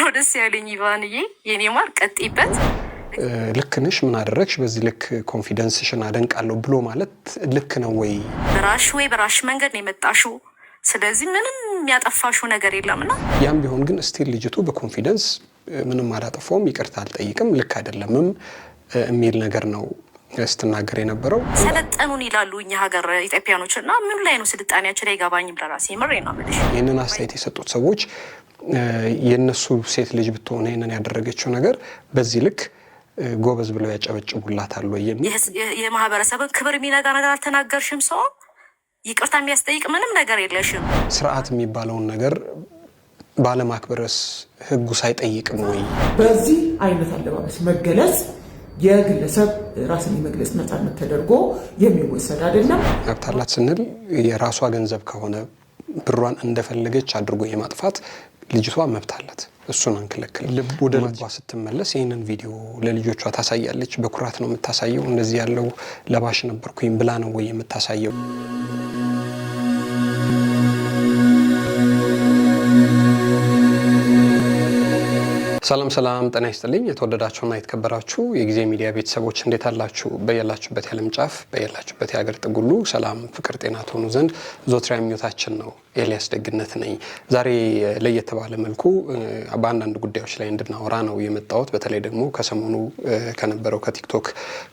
ነው ደስ ያለኝ። ይቫንዬ የኔ ማር ቀጥይበት። ልክንሽ ምን አደረግሽ፣ በዚህ ልክ ኮንፊደንስሽን አደንቃለሁ ብሎ ማለት ልክ ነው ወይ? በራሽ ወይ በራሽ መንገድ ነው የመጣሽው። ስለዚህ ምንም የሚያጠፋሽው ነገር የለምና፣ ያም ቢሆን ግን ስቲል ልጅቱ በኮንፊደንስ ምንም አላጠፋውም፣ ይቅርታ አልጠይቅም፣ ልክ አይደለምም የሚል ነገር ነው ስትናገር የነበረው። ሰለጠኑን ይላሉ እኛ ሀገር ኢትዮጵያኖች እና ምኑ ላይ ነው ስልጣኔያችን ይገባኝም ለራሴ ምሬ ነው። ይህንን አስተያየት የሰጡት ሰዎች የእነሱ ሴት ልጅ ብትሆነ ይህንን ያደረገችው ነገር በዚህ ልክ ጎበዝ ብለው ያጨበጭቡላታል ወይ የሚል የማህበረሰብን ክብር የሚነጋ ነገር አልተናገርሽም። ሰው ይቅርታ የሚያስጠይቅ ምንም ነገር የለሽም። ስርዓት የሚባለውን ነገር ባለማክበረስ ህጉ ሳይጠይቅም ወይ በዚህ አይነት አለባበስ መገለጽ የግለሰብ ራስን የመግለጽ ነፃነት ተደርጎ የሚወሰድ አይደለም። መብት አላት ስንል የራሷ ገንዘብ ከሆነ ብሯን እንደፈለገች አድርጎ የማጥፋት ልጅቷ መብት አላት። እሱን አንከለክል። ወደ ልቧ ስትመለስ ይህንን ቪዲዮ ለልጆቿ ታሳያለች። በኩራት ነው የምታሳየው። እንደዚህ ያለው ለባሽ ነበርኩኝ ብላ ነው ወይ የምታሳየው? ሰላም ሰላም፣ ጤና ይስጥልኝ የተወደዳችሁና የተከበራችሁ የጊዜ ሚዲያ ቤተሰቦች እንዴት አላችሁ? በያላችሁበት የዓለም ጫፍ በያላችሁበት የሀገር ጥጉሉ ሰላም፣ ፍቅር፣ ጤና ትሆኑ ዘንድ ዞትሪያ ምኞታችን ነው። ኤልያስ ደግነት ነኝ። ዛሬ ለየት ባለ መልኩ በአንዳንድ ጉዳዮች ላይ እንድናወራ ነው የመጣሁት። በተለይ ደግሞ ከሰሞኑ ከነበረው ከቲክቶክ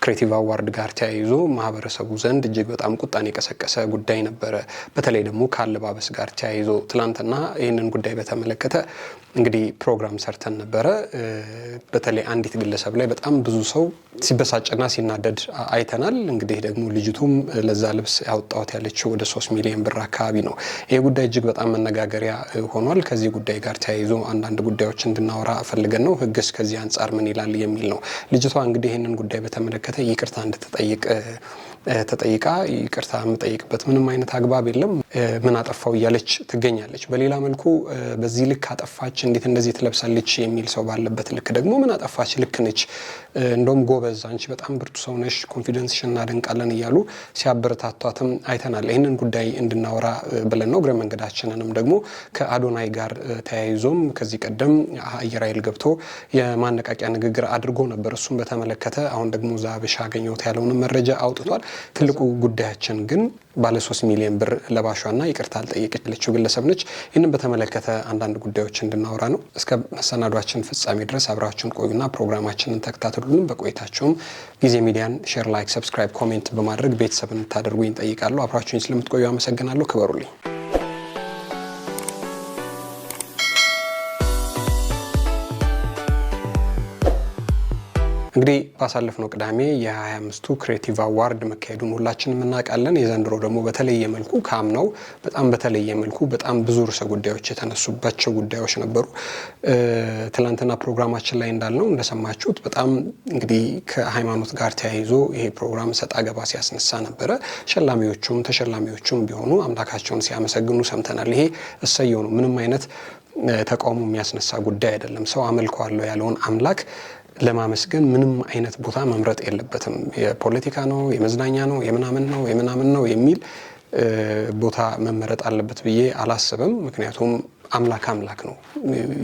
ክሬቲቭ አዋርድ ጋር ተያይዞ ማህበረሰቡ ዘንድ እጅግ በጣም ቁጣን የቀሰቀሰ ጉዳይ ነበረ። በተለይ ደግሞ ከአለባበስ ጋር ተያይዞ ትናንትና ይህንን ጉዳይ በተመለከተ እንግዲህ ፕሮግራም ሰርተን ነበረ። በተለይ አንዲት ግለሰብ ላይ በጣም ብዙ ሰው ሲበሳጭና ሲናደድ አይተናል። እንግዲህ ደግሞ ልጅቱም ለዛ ልብስ ያወጣሁት ያለችው ወደ ሶስት ሚሊዮን ብር አካባቢ ነው። ጉዳይ እጅግ በጣም መነጋገሪያ ሆኗል። ከዚህ ጉዳይ ጋር ተያይዞ አንዳንድ ጉዳዮች እንድናወራ ፈልገን ነው። ህግስ ከዚህ አንጻር ምን ይላል የሚል ነው። ልጅቷ እንግዲህ ይህንን ጉዳይ በተመለከተ ይቅርታ እንድትጠይቅ ተጠይቃ ይቅርታ የምጠይቅበት ምንም አይነት አግባብ የለም፣ ምን አጠፋው እያለች ትገኛለች። በሌላ መልኩ በዚህ ልክ አጠፋች፣ እንዴት እንደዚህ ትለብሳለች የሚል ሰው ባለበት ልክ ደግሞ ምን አጠፋች፣ ልክ ነች፣ እንደውም ጎበዝ፣ አንቺ በጣም ብርቱ ሰው ነሽ፣ ኮንፊደንስሽን እናደንቃለን እያሉ ሲያበረታቷትም አይተናል። ይህንን ጉዳይ እንድናወራ ብለን ነው መንገዳችንንም ደግሞ ከአዶናይ ጋር ተያይዞም ከዚህ ቀደም አየር ኃይል ገብቶ የማነቃቂያ ንግግር አድርጎ ነበር። እሱም በተመለከተ አሁን ደግሞ ዛብሻ አገኘሁት ያለውንም መረጃ አውጥቷል። ትልቁ ጉዳያችን ግን ባለሶስት ሚሊዮን ብር ለባሿና ይቅርታ ልጠየቅ ያለችው ግለሰብ ነች። ይህንም በተመለከተ አንዳንድ ጉዳዮች እንድናወራ ነው። እስከ መሰናዷችን ፍጻሜ ድረስ አብራችሁን ቆዩና ፕሮግራማችንን ተከታተሉልን። በቆይታችሁም ጊዜ ሚዲያን ሼር፣ ላይክ፣ ሰብስክራይብ፣ ኮሜንት በማድረግ ቤተሰብ እንድታደርጉኝ እጠይቃለሁ። አብራችሁኝ ስለምትቆዩ አመሰግናለሁ። ክበሩልኝ። እንግዲህ ባሳለፍነው ቅዳሜ የ25ቱ ክሬቲቭ አዋርድ መካሄዱን ሁላችንም እናውቃለን። የዘንድሮ ደግሞ በተለየ መልኩ ከአምናው በጣም በተለየ መልኩ በጣም ብዙ ርዕሰ ጉዳዮች የተነሱባቸው ጉዳዮች ነበሩ። ትናንትና ፕሮግራማችን ላይ እንዳልነው እንደሰማችሁት በጣም እንግዲህ ከሃይማኖት ጋር ተያይዞ ይሄ ፕሮግራም ሰጣ ገባ ሲያስነሳ ነበረ። ሸላሚዎቹም ተሸላሚዎቹም ቢሆኑ አምላካቸውን ሲያመሰግኑ ሰምተናል። ይሄ እሰየው ነው። ምንም አይነት ተቃውሞ የሚያስነሳ ጉዳይ አይደለም። ሰው አመልከዋለሁ ያለውን አምላክ ለማመስገን ምንም አይነት ቦታ መምረጥ የለበትም። የፖለቲካ ነው፣ የመዝናኛ ነው፣ የምናምን ነው፣ የምናምን ነው የሚል ቦታ መመረጥ አለበት ብዬ አላስብም። ምክንያቱም አምላክ አምላክ ነው።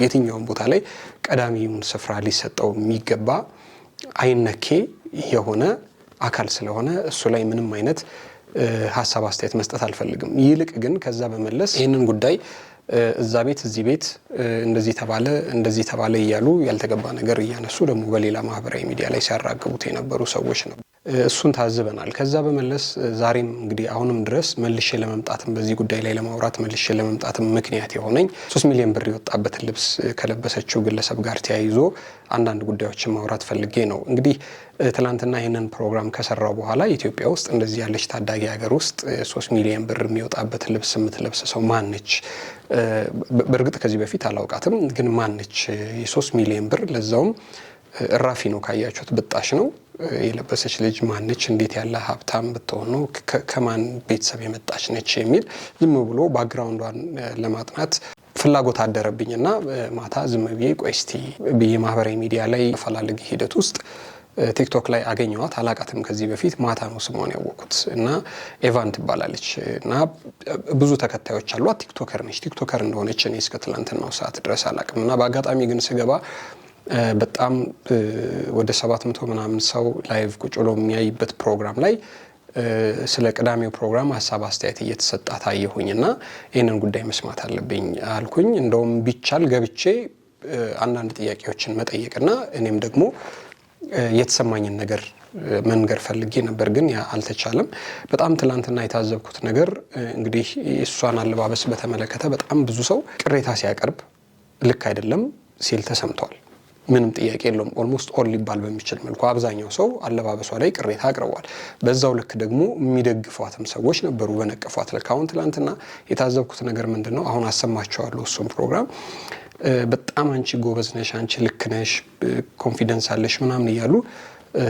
የትኛውም ቦታ ላይ ቀዳሚውን ስፍራ ሊሰጠው የሚገባ አይነኬ የሆነ አካል ስለሆነ እሱ ላይ ምንም አይነት ሀሳብ አስተያየት መስጠት አልፈልግም። ይልቅ ግን ከዛ በመለስ ይህንን ጉዳይ እዛ ቤት እዚህ ቤት እንደዚህ ተባለ እንደዚህ ተባለ እያሉ ያልተገባ ነገር እያነሱ ደግሞ በሌላ ማህበራዊ ሚዲያ ላይ ሲያራግቡት የነበሩ ሰዎች ነው። እሱን ታዝበናል። ከዛ በመለስ ዛሬም እንግዲህ አሁንም ድረስ መልሼ ለመምጣትም በዚህ ጉዳይ ላይ ለማውራት መልሼ ለመምጣትም ምክንያት የሆነኝ ሶስት ሚሊዮን ብር የወጣበትን ልብስ ከለበሰችው ግለሰብ ጋር ተያይዞ አንዳንድ ጉዳዮችን ማውራት ፈልጌ ነው። እንግዲህ ትናንትና ይህንን ፕሮግራም ከሰራው በኋላ ኢትዮጵያ ውስጥ እንደዚህ ያለች ታዳጊ ሀገር ውስጥ ሶስት ሚሊዮን ብር የሚወጣበትን ልብስ የምትለብስ ሰው ማነች? በእርግጥ ከዚህ በፊት አላውቃትም፣ ግን ማነች የሶስት ሚሊዮን ብር ለዛውም ራፊ ነው። ካያችሁት ብጣሽ ነው የለበሰች ልጅ ማነች? እንዴት ያለ ሀብታም ብትሆን ነው? ከማን ቤተሰብ የመጣች ነች? የሚል ዝም ብሎ ባክግራውንዷን ለማጥናት ፍላጎት አደረብኝ እና ማታ ዝም ብዬ ቆይ እስቲ ብዬ ማህበራዊ ሚዲያ ላይ ፈላልግ ሂደት ውስጥ ቲክቶክ ላይ አገኘዋት። አላቃትም ከዚህ በፊት ማታ ነው ስሟን ያወቁት እና ኤቫን ትባላለች እና ብዙ ተከታዮች አሏት። ቲክቶከር ነች። ቲክቶከር እንደሆነች እኔ እስከ ትላንትናው ሰዓት ድረስ አላቅም እና በአጋጣሚ ግን ስገባ በጣም ወደ 700 ምናምን ሰው ላይቭ ቁጭ ብሎ የሚያይበት ፕሮግራም ላይ ስለ ቅዳሜው ፕሮግራም ሀሳብ አስተያየት እየተሰጣ ታየሁኝ እና ይህንን ጉዳይ መስማት አለብኝ አልኩኝ። እንደውም ቢቻል ገብቼ አንዳንድ ጥያቄዎችን መጠየቅና እኔም ደግሞ የተሰማኝን ነገር መንገር ፈልጌ ነበር፣ ግን ያ አልተቻለም። በጣም ትላንትና የታዘብኩት ነገር እንግዲህ እሷን አለባበስ በተመለከተ በጣም ብዙ ሰው ቅሬታ ሲያቀርብ ልክ አይደለም ሲል ተሰምቷል። ምንም ጥያቄ የለውም። ኦልሞስት ኦል ሊባል በሚችል መልኩ አብዛኛው ሰው አለባበሷ ላይ ቅሬታ አቅርቧል። በዛው ልክ ደግሞ የሚደግፏትም ሰዎች ነበሩ በነቀፏት ልክ። አሁን ትላንትና የታዘብኩት ነገር ምንድን ነው? አሁን አሰማቸዋለሁ እሱም ፕሮግራም በጣም አንቺ ጎበዝ ነሽ፣ አንቺ ልክ ነሽ፣ ኮንፊደንስ አለሽ ምናምን እያሉ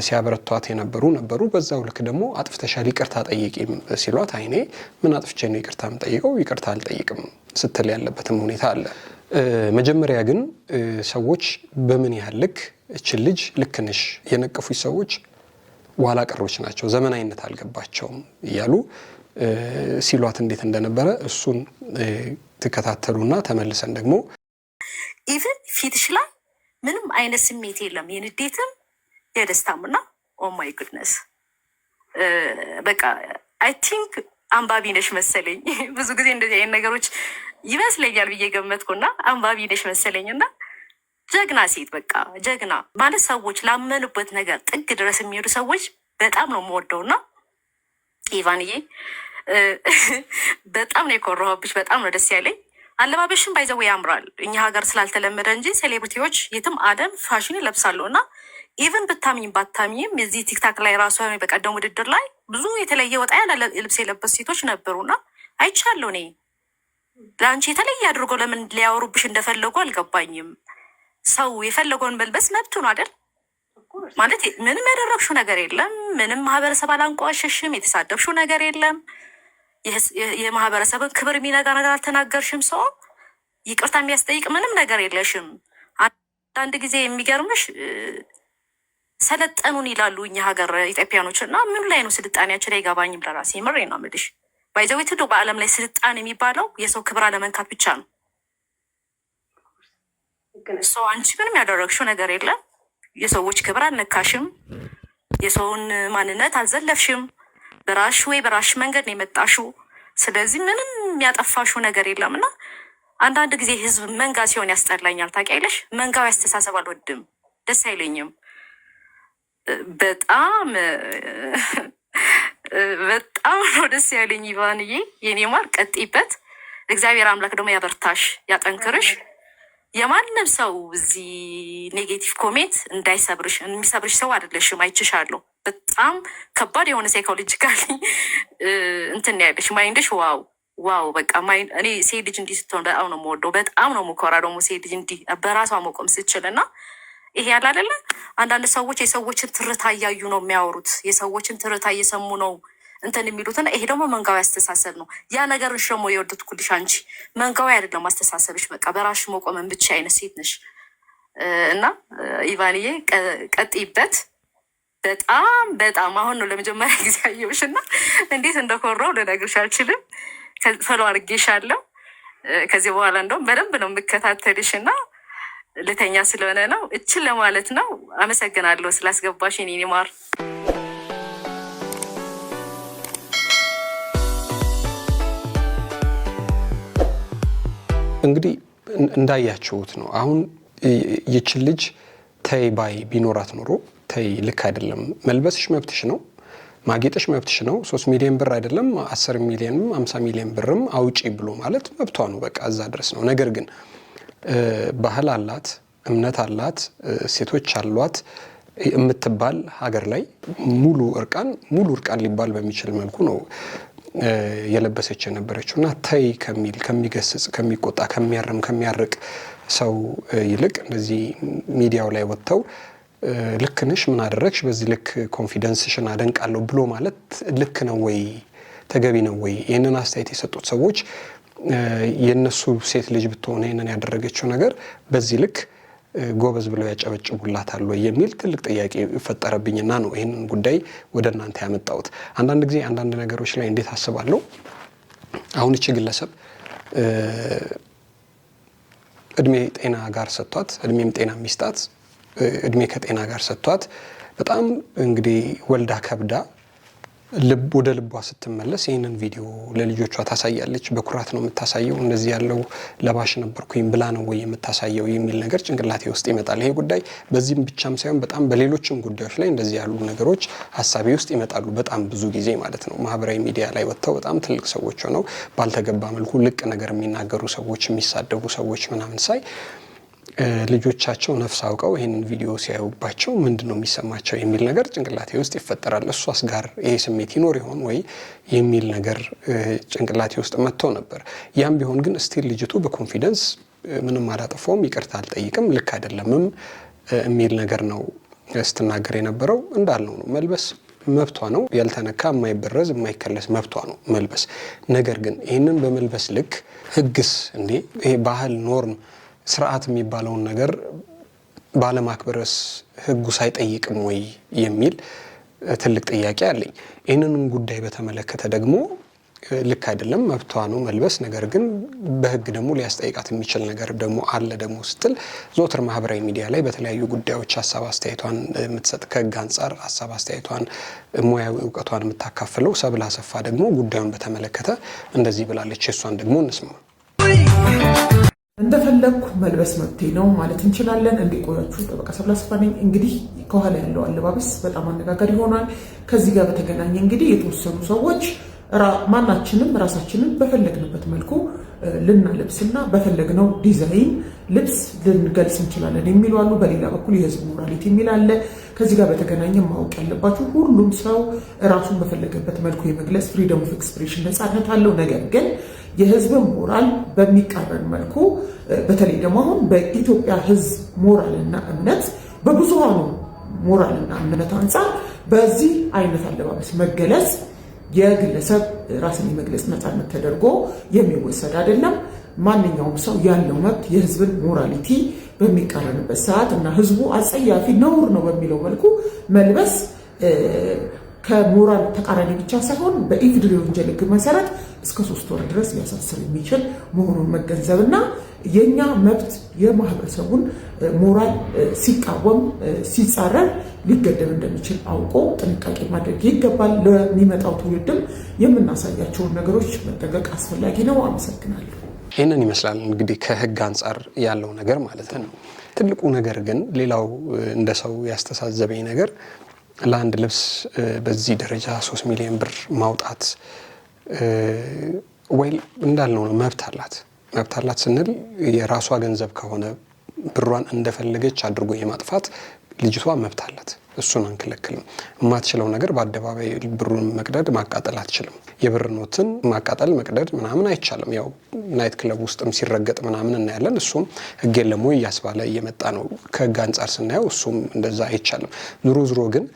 ሲያበረቷት የነበሩ ነበሩ። በዛው ልክ ደግሞ አጥፍተሻል ይቅርታ ጠይቂም ሲሏት አይኔ ምን አጥፍቼ ነው ይቅርታ የምጠይቀው? ይቅርታ አልጠይቅም ስትል ያለበትም ሁኔታ አለ። መጀመሪያ ግን ሰዎች በምን ያህል ልክ እችን ልጅ ልክ ነሽ የነቀፉች ሰዎች ኋላ ቀሮች ናቸው፣ ዘመናዊነት አልገባቸውም እያሉ ሲሏት እንዴት እንደነበረ እሱን ትከታተሉና ተመልሰን ደግሞ ኢቨን ፊትሽ ላይ ምንም አይነት ስሜት የለም፣ የንዴትም የደስታም ኦማይ ጉድነስ በቃ አይ ቲንክ አንባቢ ነሽ መሰለኝ። ብዙ ጊዜ እንደዚህ አይነት ነገሮች ይመስለኛል ብዬ ገመትኩ እና አንባቢ ነሽ መሰለኝ እና ጀግና ሴት በቃ ጀግና ማለት ሰዎች ላመኑበት ነገር ጥግ ድረስ የሚሄዱ ሰዎች በጣም ነው የምወደው እና ኢቫንዬ በጣም ነው የኮራሁብሽ። በጣም ነው ደስ ያለኝ። አለባበሽን ባይዘው ያምራል። እኛ ሀገር ስላልተለመደ እንጂ ሴሌብሪቲዎች የትም አለም ፋሽን ይለብሳሉ እና ኢቨን ብታሚኝ ባታምኝም የዚህ ቲክታክ ላይ ራሱ በቀደም ውድድር ላይ ብዙ የተለየ ወጣ ያለ ልብስ የለበሱ ሴቶች ነበሩና አይቻለሁ። እኔ ለአንቺ የተለየ አድርጎ ለምን ሊያወሩብሽ እንደፈለጉ አልገባኝም። ሰው የፈለገውን መልበስ መብቱ ነው አይደል? ማለት ምንም ያደረግሽው ነገር የለም። ምንም ማህበረሰብ አላንቋሸሽም። የተሳደብሽው ነገር የለም። የማህበረሰብን ክብር የሚነጋ ነገር አልተናገርሽም። ሰው ይቅርታ የሚያስጠይቅ ምንም ነገር የለሽም። አንዳንድ ጊዜ የሚገርምሽ ሰለጠኑን ይላሉ እኛ ሀገር ኢትዮጵያኖች እና ምኑ ላይ ነው ስልጣኔያችን? አይገባኝም። ለራሴ ምሬ ነው የምልሽ። ባይዘዊ ዶ በዓለም ላይ ስልጣን የሚባለው የሰው ክብር አለመንካት ብቻ ነው። ሰው አንቺ ምንም ያደረግሽው ነገር የለም። የሰዎች ክብር አልነካሽም። የሰውን ማንነት አልዘለፍሽም። በራሽ ወይ በራሽ መንገድ ነው የመጣሽው። ስለዚህ ምንም የሚያጠፋሽው ነገር የለም እና አንዳንድ ጊዜ ህዝብ መንጋ ሲሆን ያስጠላኛል። ታውቂያለሽ፣ መንጋው ያስተሳሰብ አልወድም፣ ደስ አይለኝም። በጣም በጣም ነው ደስ ያለኝ። ይባንዬ የኔ ማር ቀጥይበት። እግዚአብሔር አምላክ ደግሞ ያበርታሽ፣ ያጠንክርሽ። የማንም ሰው እዚህ ኔጌቲቭ ኮሜንት እንዳይሰብርሽ። የሚሰብርሽ ሰው አይደለሽም፣ አይችሻለሁ። በጣም ከባድ የሆነ ሳይኮሎጂካሊ እንትን ያለሽ ማይንድሽ ዋው ዋው በቃ እኔ ሴት ልጅ እንዲህ ስትሆን በጣም ነው የምወደው፣ በጣም ነው የምኮራ። ደግሞ ሴት ልጅ እንዲህ በራሷ መቆም ስችል እና ይሄ ያለ አይደለ አንዳንድ ሰዎች የሰዎችን ትርታ እያዩ ነው የሚያወሩት፣ የሰዎችን ትርታ እየሰሙ ነው እንትን የሚሉትና ይሄ ደግሞ መንጋዊ አስተሳሰብ ነው። ያ ነገርሽ ደግሞ የወደድኩልሽ አንቺ መንጋዊ አይደለም አስተሳሰብሽ። በቃ በራሽ መቆመን ብቻ አይነት ሴት ነሽ እና ኢቫንዬ ቀጥይበት። በጣም በጣም አሁን ነው ለመጀመሪያ ጊዜ አየሁሽ እና እንዴት እንደኮራው ልነግርሽ አልችልም። ፈሎ አድርጌሻለሁ። ከዚህ በኋላ እንደውም በደንብ ነው የምከታተልሽ እና ልተኛ ስለሆነ ነው እችን ለማለት ነው። አመሰግናለሁ ስላስገባሽ የኔ ማር። እንግዲህ እንዳያችሁት ነው አሁን ይችን ልጅ ተይ ባይ ቢኖራት ኖሮ ተይ ልክ አይደለም፣ መልበስሽ መብትሽ ነው፣ ማጌጥሽ መብትሽ ነው። ሶስት ሚሊዮን ብር አይደለም አስር ሚሊዮንም አምሳ ሚሊዮን ብርም አውጪ ብሎ ማለት መብቷ ነው። በቃ እዛ ድረስ ነው። ነገር ግን ባህል አላት፣ እምነት አላት፣ ሴቶች አሏት የምትባል ሀገር ላይ ሙሉ እርቃን ሙሉ እርቃን ሊባል በሚችል መልኩ ነው የለበሰች የነበረችው እና ተይ ከሚል ከሚገስጽ፣ ከሚቆጣ፣ ከሚያርም፣ ከሚያርቅ ሰው ይልቅ እንደዚህ ሚዲያው ላይ ወጥተው ልክ ነሽ፣ ምን አደረግሽ፣ በዚህ ልክ ኮንፊደንስሽን አደንቃለሁ ብሎ ማለት ልክ ነው ወይ ተገቢ ነው ወይ? ይህንን አስተያየት የሰጡት ሰዎች የእነሱ ሴት ልጅ ብትሆነ ይህንን ያደረገችው ነገር በዚህ ልክ ጎበዝ ብለው ያጨበጭቡላታል ወይ የሚል ትልቅ ጥያቄ ፈጠረብኝና ነው ይህንን ጉዳይ ወደ እናንተ ያመጣሁት። አንዳንድ ጊዜ አንዳንድ ነገሮች ላይ እንዴት አስባለሁ አሁን እቺ ግለሰብ እድሜ ጤና ጋር ሰጥቷት እድሜም ጤና ሚስጣት እድሜ ከጤና ጋር ሰጥቷት በጣም እንግዲህ ወልዳ ከብዳ ወደ ልቧ ስትመለስ ይህንን ቪዲዮ ለልጆቿ ታሳያለች። በኩራት ነው የምታሳየው። እንደዚህ ያለው ለባሽ ነበርኩኝ ብላ ነው ወይ የምታሳየው የሚል ነገር ጭንቅላቴ ውስጥ ይመጣል። ይሄ ጉዳይ በዚህም ብቻም ሳይሆን በጣም በሌሎችም ጉዳዮች ላይ እንደዚህ ያሉ ነገሮች ሀሳቤ ውስጥ ይመጣሉ። በጣም ብዙ ጊዜ ማለት ነው። ማህበራዊ ሚዲያ ላይ ወጥተው በጣም ትልቅ ሰዎች ሆነው ባልተገባ መልኩ ልቅ ነገር የሚናገሩ ሰዎች፣ የሚሳደቡ ሰዎች ምናምን ሳይ ልጆቻቸው ነፍስ አውቀው ይህን ቪዲዮ ሲያዩባቸው ምንድን ነው የሚሰማቸው የሚል ነገር ጭንቅላቴ ውስጥ ይፈጠራል። እሷስ ጋር ይሄ ስሜት ይኖር ይሆን ወይ የሚል ነገር ጭንቅላቴ ውስጥ መጥቶ ነበር። ያም ቢሆን ግን ስቲል ልጅቱ በኮንፊደንስ ምንም አላጠፋውም፣ ይቅርታ አልጠይቅም፣ ልክ አይደለምም የሚል ነገር ነው ስትናገር የነበረው። እንዳልነው ነው መልበስ መብቷ ነው። ያልተነካ የማይበረዝ የማይከለስ መብቷ ነው መልበስ። ነገር ግን ይህንን በመልበስ ልክ ህግስ እንዴ ይሄ ባህል ኖርም ስርዓት የሚባለውን ነገር ባለማክበረስ ህጉ ሳይጠይቅም ወይ የሚል ትልቅ ጥያቄ አለኝ። ይህንንም ጉዳይ በተመለከተ ደግሞ ልክ አይደለም መብቷ ነው መልበስ። ነገር ግን በህግ ደግሞ ሊያስጠይቃት የሚችል ነገር ደግሞ አለ ደግሞ ስትል ዞትር ማህበራዊ ሚዲያ ላይ በተለያዩ ጉዳዮች ሀሳብ አስተያየቷን የምትሰጥ ከህግ አንጻር ሀሳብ አስተያየቷን ሙያዊ እውቀቷን የምታካፍለው ሰብል አሰፋ ደግሞ ጉዳዩን በተመለከተ እንደዚህ ብላለች። የእሷን ደግሞ እንስማ። እንደፈለግኩ መልበስ መብቴ ነው ማለት እንችላለን። እንዲቆያችሁ ጠበቃ ሰብላስፋ ነኝ። እንግዲህ ከኋላ ያለው አለባበስ በጣም አነጋገር ይሆናል። ከዚህ ጋር በተገናኘ እንግዲህ የተወሰኑ ሰዎች ማናችንም ራሳችንን በፈለግንበት መልኩ ልናለብስና በፈለግነው ዲዛይን ልብስ ልንገልጽ እንችላለን የሚሉ አሉ። በሌላ በኩል የህዝብ ሞራሊቲ የሚል አለ። ከዚህ ጋር በተገናኘ ማወቅ ያለባችሁ ሁሉም ሰው ራሱን በፈለገበት መልኩ የመግለጽ ፍሪደም ኦፍ ኤክስፕሬሽን ነፃነት አለው ነገር ግን የህዝብን ሞራል በሚቃረን መልኩ በተለይ ደግሞ አሁን በኢትዮጵያ ህዝብ ሞራልና እምነት በብዙሃኑ ሞራልና እምነት አንጻር በዚህ አይነት አለባበስ መገለጽ የግለሰብ ራስን የመግለጽ ነፃነት ተደርጎ የሚወሰድ አይደለም። ማንኛውም ሰው ያለው መብት የህዝብን ሞራሊቲ በሚቃረንበት ሰዓት እና ህዝቡ አጸያፊ ነውር ነው በሚለው መልኩ መልበስ ከሞራል ተቃራኒ ብቻ ሳይሆን በኢፍድሪ ወንጀል ህግ መሰረት እስከ ሶስት ወር ድረስ ሊያሳስር የሚችል መሆኑን መገንዘብ እና የእኛ መብት የማህበረሰቡን ሞራል ሲቃወም ሲጻረር ሊገደብ እንደሚችል አውቆ ጥንቃቄ ማድረግ ይገባል። ለሚመጣው ትውልድም የምናሳያቸውን ነገሮች መጠንቀቅ አስፈላጊ ነው። አመሰግናለሁ። ይህንን ይመስላል እንግዲህ ከህግ አንጻር ያለው ነገር ማለት ነው። ትልቁ ነገር ግን ሌላው እንደ ሰው ያስተሳዘበኝ ነገር ለአንድ ልብስ በዚህ ደረጃ ሶስት ሚሊዮን ብር ማውጣት ወይ እንዳልነው ነው መብት አላት። መብት አላት ስንል የራሷ ገንዘብ ከሆነ ብሯን እንደፈለገች አድርጎ የማጥፋት ልጅቷ መብት አላት። እሱን አንከለክልም። የማትችለው ነገር በአደባባይ ብሩን መቅደድ፣ ማቃጠል አትችልም። የብር ኖትን ማቃጠል፣ መቅደድ ምናምን አይቻልም። ያው ናይት ክለብ ውስጥም ሲረገጥ ምናምን እናያለን። እሱም ሕግ የለም ወይ እያስባለ እየመጣ ነው። ከህግ አንጻር ስናየው እሱም እንደዛ አይቻልም። ዞሮ ዞሮ ግን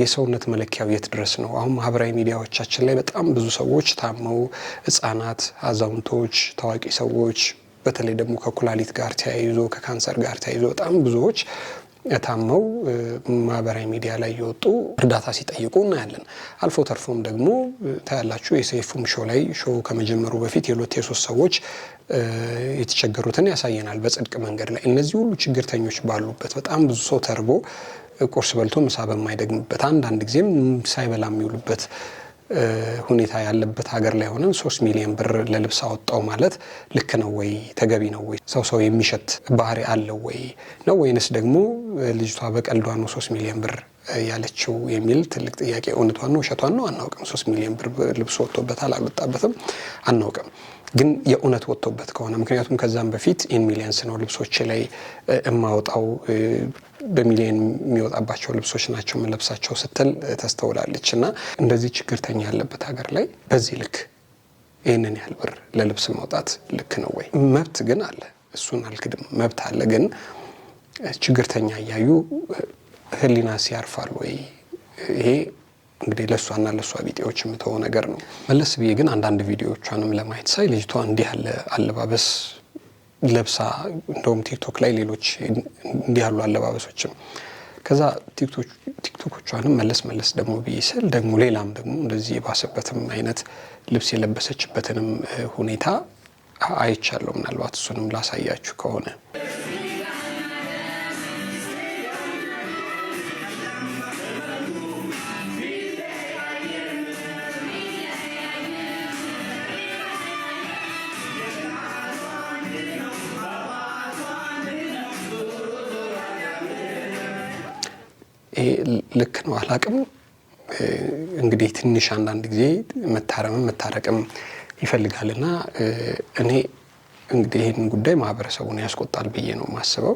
የሰውነት መለኪያው የት ድረስ ነው? አሁን ማህበራዊ ሚዲያዎቻችን ላይ በጣም ብዙ ሰዎች ታመው፣ ህጻናት፣ አዛውንቶች፣ ታዋቂ ሰዎች በተለይ ደግሞ ከኩላሊት ጋር ተያይዞ ከካንሰር ጋር ተያይዞ በጣም ብዙዎች ታመው ማህበራዊ ሚዲያ ላይ የወጡ እርዳታ ሲጠይቁ እናያለን። አልፎ ተርፎም ደግሞ ታያላችሁ የሰይፉም ሾ ላይ ሾ ከመጀመሩ በፊት የሁለት የሶስት ሰዎች የተቸገሩትን ያሳየናል በጽድቅ መንገድ ላይ እነዚህ ሁሉ ችግርተኞች ባሉበት በጣም ብዙ ሰው ተርቦ ቁርስ በልቶ ምሳ በማይደግምበት አንዳንድ ጊዜም ሳይበላ የሚውልበት ሁኔታ ያለበት ሀገር ላይ ሆነን ሶስት ሚሊዮን ብር ለልብስ አወጣው ማለት ልክ ነው ወይ? ተገቢ ነው ወይ? ሰው ሰው የሚሸት ባህሪ አለው ወይ ነው ወይንስ ደግሞ ልጅቷ በቀልዷ ነው ሶስት ሚሊዮን ብር ያለችው የሚል ትልቅ ጥያቄ። እውነቷን ነው ውሸቷን ነው አናውቅም። ሶስት ሚሊዮን ብር ልብስ ወጥቶበታል አልወጣበትም አናውቅም። ግን የእውነት ወጥቶበት ከሆነ ምክንያቱም ከዛም በፊት ኢን ሚሊየንስ ነው ልብሶች ላይ የማወጣው በሚሊየን የሚወጣባቸው ልብሶች ናቸው መለብሳቸው ስትል ተስተውላለች። እና እንደዚህ ችግርተኛ ያለበት ሀገር ላይ በዚህ ልክ ይህንን ያህል ብር ለልብስ ማውጣት ልክ ነው ወይ? መብት ግን አለ፣ እሱን አልክድም። መብት አለ፣ ግን ችግርተኛ እያዩ ህሊና ሲያርፋል ወይ? ይሄ እንግዲህ ለእሷና ለእሷ ቢጤዎች የምተው ነገር ነው። መለስ ብዬ ግን አንዳንድ ቪዲዮዎቿንም ለማየት ሳይ ልጅቷ እንዲህ ያለ አለባበስ ለብሳ እንደውም ቲክቶክ ላይ ሌሎች እንዲህ ያሉ አለባበሶችም ከዛ ቲክቶኮቿንም መለስ መለስ ደግሞ ብዬ ስል ደግሞ ሌላም ደግሞ እንደዚህ የባሰበትም አይነት ልብስ የለበሰችበትንም ሁኔታ አይቻለሁ። ምናልባት እሱንም ላሳያችሁ ከሆነ ይሄ ልክ ነው አላቅም። እንግዲህ ትንሽ አንዳንድ ጊዜ መታረምም መታረቅም ይፈልጋል እና እኔ እንግዲህ ይህን ጉዳይ ማህበረሰቡን ያስቆጣል ብዬ ነው የማስበው።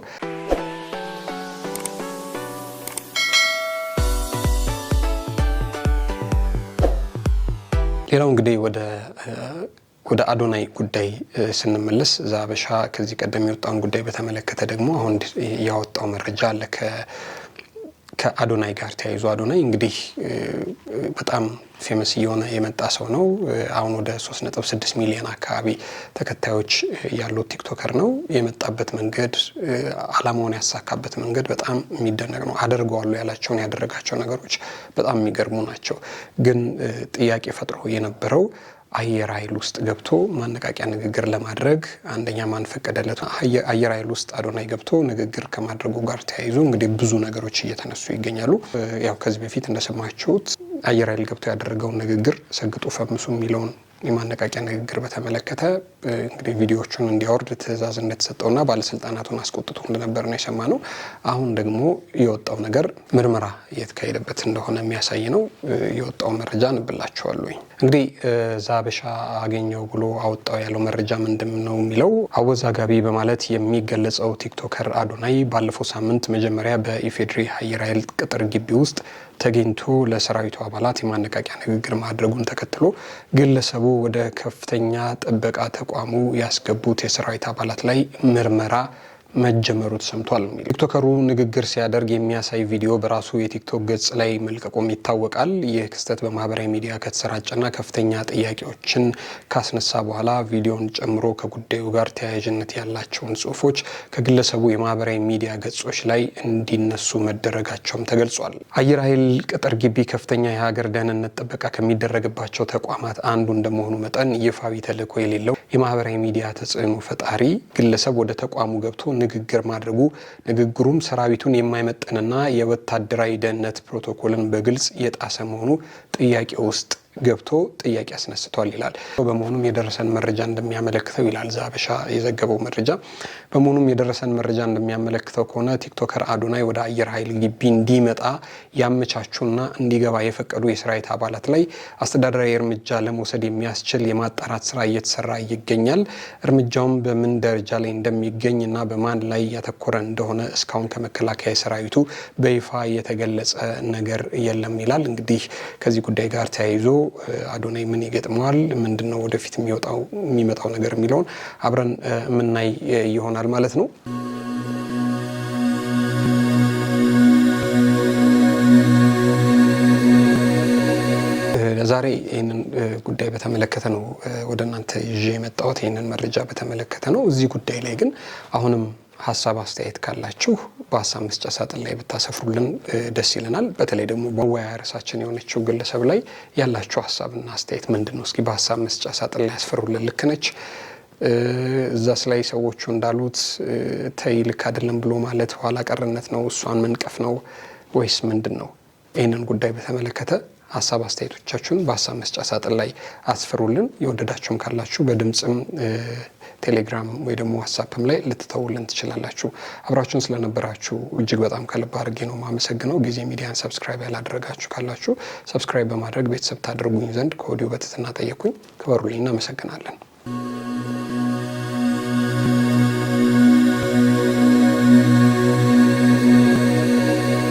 ሌላው እንግዲህ ወደ አዶናይ ጉዳይ ስንመለስ ዛበሻ ከዚህ ቀደም የወጣውን ጉዳይ በተመለከተ ደግሞ አሁን ያወጣው መረጃ አለ ከአዶናይ ጋር ተያይዞ አዶናይ እንግዲህ በጣም ፌመስ እየሆነ የመጣ ሰው ነው። አሁን ወደ 3.6 ሚሊዮን አካባቢ ተከታዮች ያሉት ቲክቶከር ነው። የመጣበት መንገድ፣ አላማውን ያሳካበት መንገድ በጣም የሚደነቅ ነው። አደርገዋለሁ ያላቸውን ያደረጋቸው ነገሮች በጣም የሚገርሙ ናቸው። ግን ጥያቄ ፈጥሮ የነበረው አየር ኃይል ውስጥ ገብቶ ማነቃቂያ ንግግር ለማድረግ አንደኛ ማን ፈቀደለት? አየር ኃይል ውስጥ አዶናይ ገብቶ ንግግር ከማድረጉ ጋር ተያይዞ እንግዲህ ብዙ ነገሮች እየተነሱ ይገኛሉ። ያው ከዚህ በፊት እንደሰማችሁት አየር ኃይል ገብቶ ያደረገውን ንግግር ሰግጡ ፈምሱ የሚለውን የማነቃቂያ ንግግር በተመለከተ እንግዲህ ቪዲዮዎቹን እንዲያወርድ ትዕዛዝ እንደተሰጠውና ባለስልጣናቱን አስቆጥቶ እንደነበር ነው የሰማ ነው። አሁን ደግሞ የወጣው ነገር ምርመራ እየተካሄደበት እንደሆነ የሚያሳይ ነው። የወጣው መረጃ እንብላቸዋለኝ። እንግዲህ ዛበሻ አገኘው ብሎ አወጣው ያለው መረጃ ምንድን ነው የሚለው አወዛጋቢ በማለት የሚገለጸው ቲክቶከር አዶናይ ባለፈው ሳምንት መጀመሪያ በኢፌድሪ አየር ኃይል ቅጥር ግቢ ውስጥ ተገኝቶ ለሰራዊቱ አባላት የማነቃቂያ ንግግር ማድረጉን ተከትሎ ግለሰቡ ወደ ከፍተኛ ጥበቃ ተቋሙ ያስገቡት የሰራዊት አባላት ላይ ምርመራ መጀመሩ ተሰምቷል። ቲክቶከሩ ንግግር ሲያደርግ የሚያሳይ ቪዲዮ በራሱ የቲክቶክ ገጽ ላይ መልቀቁም ይታወቃል። ይህ ክስተት በማህበራዊ ሚዲያ ከተሰራጨና ከፍተኛ ጥያቄዎችን ካስነሳ በኋላ ቪዲዮን ጨምሮ ከጉዳዩ ጋር ተያያዥነት ያላቸውን ጽሁፎች ከግለሰቡ የማህበራዊ ሚዲያ ገጾች ላይ እንዲነሱ መደረጋቸውም ተገልጿል። አየር ኃይል ቅጥር ግቢ ከፍተኛ የሀገር ደህንነት ጥበቃ ከሚደረግባቸው ተቋማት አንዱ እንደመሆኑ መጠን ይፋዊ ተልዕኮ የሌለው የማህበራዊ ሚዲያ ተጽዕኖ ፈጣሪ ግለሰብ ወደ ተቋሙ ገብቶ ንግግር ማድረጉ ንግግሩም ሰራዊቱን የማይመጥንና የወታደራዊ ደህንነት ፕሮቶኮልን በግልጽ የጣሰ መሆኑ ጥያቄ ውስጥ ገብቶ ጥያቄ አስነስቷል ይላል። በመሆኑም የደረሰን መረጃ እንደሚያመለክተው ይላል ዛበሻ የዘገበው መረጃ። በመሆኑም የደረሰን መረጃ እንደሚያመለክተው ከሆነ ቲክቶከር አዶናይ ወደ አየር ኃይል ግቢ እንዲመጣ ያመቻቹና እንዲገባ የፈቀዱ የሰራዊት አባላት ላይ አስተዳደራዊ እርምጃ ለመውሰድ የሚያስችል የማጣራት ስራ እየተሰራ ይገኛል። እርምጃውም በምን ደረጃ ላይ እንደሚገኝ እና በማን ላይ ያተኮረ እንደሆነ እስካሁን ከመከላከያ ሰራዊቱ በይፋ የተገለጸ ነገር የለም ይላል። እንግዲህ ከዚህ ጉዳይ ጋር ተያይዞ አዶናይ ምን ይገጥመዋል፣ ምንድን ነው ወደፊት የሚመጣው ነገር የሚለውን አብረን የምናይ ይሆናል ማለት ነው። ዛሬ ይህንን ጉዳይ በተመለከተ ነው ወደ እናንተ ይዤ የመጣሁት። ይህንን መረጃ በተመለከተ ነው። እዚህ ጉዳይ ላይ ግን አሁንም ሀሳብ አስተያየት ካላችሁ በሀሳብ መስጫ ሳጥን ላይ ብታሰፍሩልን ደስ ይለናል። በተለይ ደግሞ መወያያ ርዕሳችን የሆነችው ግለሰብ ላይ ያላችሁ ሀሳብና አስተያየት ምንድን ነው? እስኪ በሀሳብ መስጫ ሳጥን ላይ ያስፈሩልን። ልክ ነች እዛስ ላይ ሰዎቹ እንዳሉት ተይ ልክ አይደለም ብሎ ማለት ኋላ ቀርነት ነው፣ እሷን መንቀፍ ነው ወይስ ምንድን ነው? ይህንን ጉዳይ በተመለከተ ሀሳብ አስተያየቶቻችሁን በሀሳብ መስጫ ሳጥን ላይ አስፍሩልን። የወደዳችሁም ካላችሁ በድምፅም ቴሌግራም ወይ ደግሞ ዋትሳፕም ላይ ልትተውልን ትችላላችሁ። አብራችሁን ስለነበራችሁ እጅግ በጣም ከልብ አድርጌ ነው ማመሰግነው። ጊዜ ሚዲያን ሰብስክራይብ ያላደረጋችሁ ካላችሁ ሰብስክራይብ በማድረግ ቤተሰብ ታደርጉኝ ዘንድ ከወዲሁ በትህትና ጠየቅኩኝ። ክበሩልኝ። እናመሰግናለን።